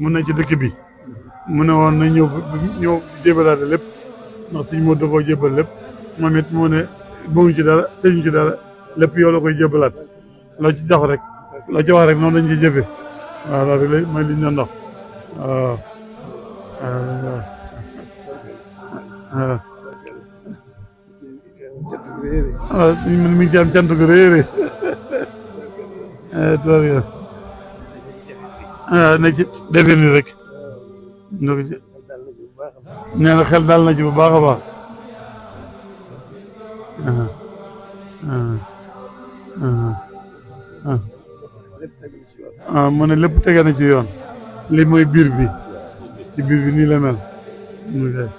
mun nañ ci dëkk bi mu ne woon na ñëw ñëw jébalaate lépp ndax suñ moo dafoo lépp moom it moo ne moomuñ ci dara sëñuñ dara lépp yow la koy jébalaat loo ci jox rek loo ci wax rek noonu lañ ci jëfe waaw loolu rek li ñu doon dox waaw waaw waaw mi ngi ci am cant ne ne ni Ne nee na xel dal na ci bu baax a baax mu ne lépp tege na ci yoon li mooy biir bi ci biir bi nii la mel mu kay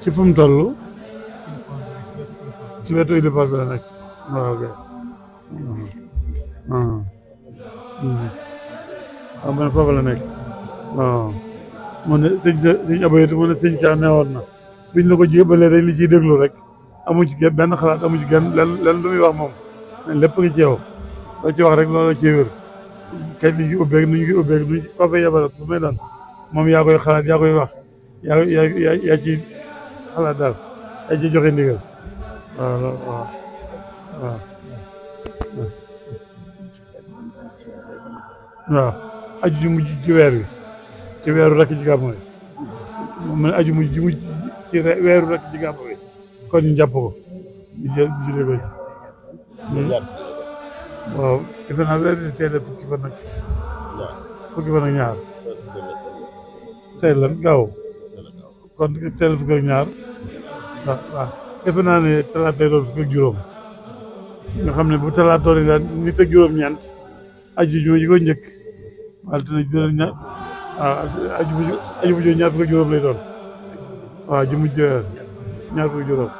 ci fu mu toll চিবে তৈরি পারবে নাকি ওকে আমার প্রবলেম নাকি mu ne sëñ sëñ abayatu mu ne sëñ saa neewoon biñ la ko rek li ciy déglu rek amu ci benn xalaat amu ci genn lenn lenn lu muy wax moom lépp nga ci ci wax rek loolu ci wér kañ liñ ko ubbeeg nuñ ko ubbeeg nuñ ko fa yebalat bu may daan moom yaa koy xalaat yaa koy wax yaa yaa yaa ci xalaat daal yaa joxe ndigal Ağlar ağlar. Ağlar. ji weer wi ci weeru rakk ji gàmmu bi moom la aju mujj ji mujj ci ji gàmmu bi kon ñu jàpp ko ñu jël ñu jëlee ko ci. waaw weer bi teel a fukki fan ñaar teel lan gaaw kon teel fukki ak ñaar defe naa ne talaata doon fukk ak juróom nga xam ne bu talaata doon daal nit ak juróom-ñeent ajjuma ji ko njëkk waaye dina dina ña ah, juróom lay doon waaw ju mujj ñaar fukk ak juróom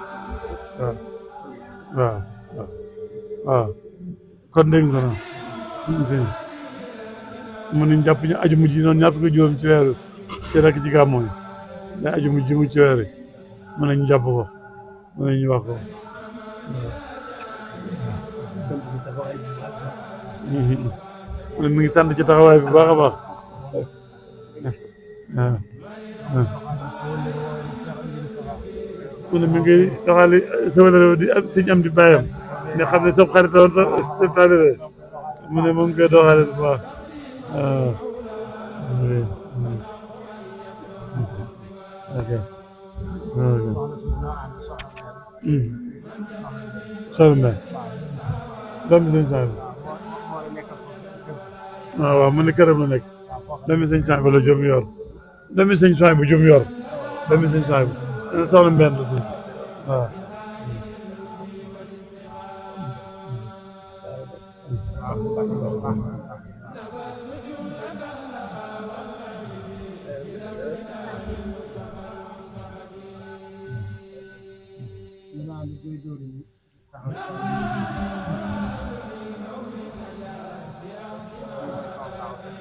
mën nañ jàpp ñu ajjuma ji noonu ñaar fukk ci weeru ci rekk ci gàmmu aju mujj mu ci weer yi mën nañ jàpp ñu wax ko mu ngi sant ci taxawaay bi baax a baax waaw mu ne mi ngi doxali sawalare di siñ am di bàyyam ne xam ne sab xarit woon sa taalire mu ne mu ngi koy doxale bu baax waaw ok Sorun Let me send time. Waaw man këram la nekk. Let me send time la jëm sen? Let me send time bu jëm yor. Let me send time. Soxna mbenn la Thank you.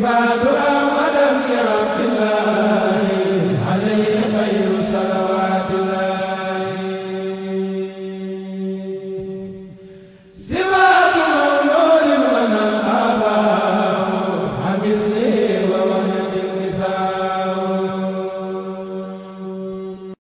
privado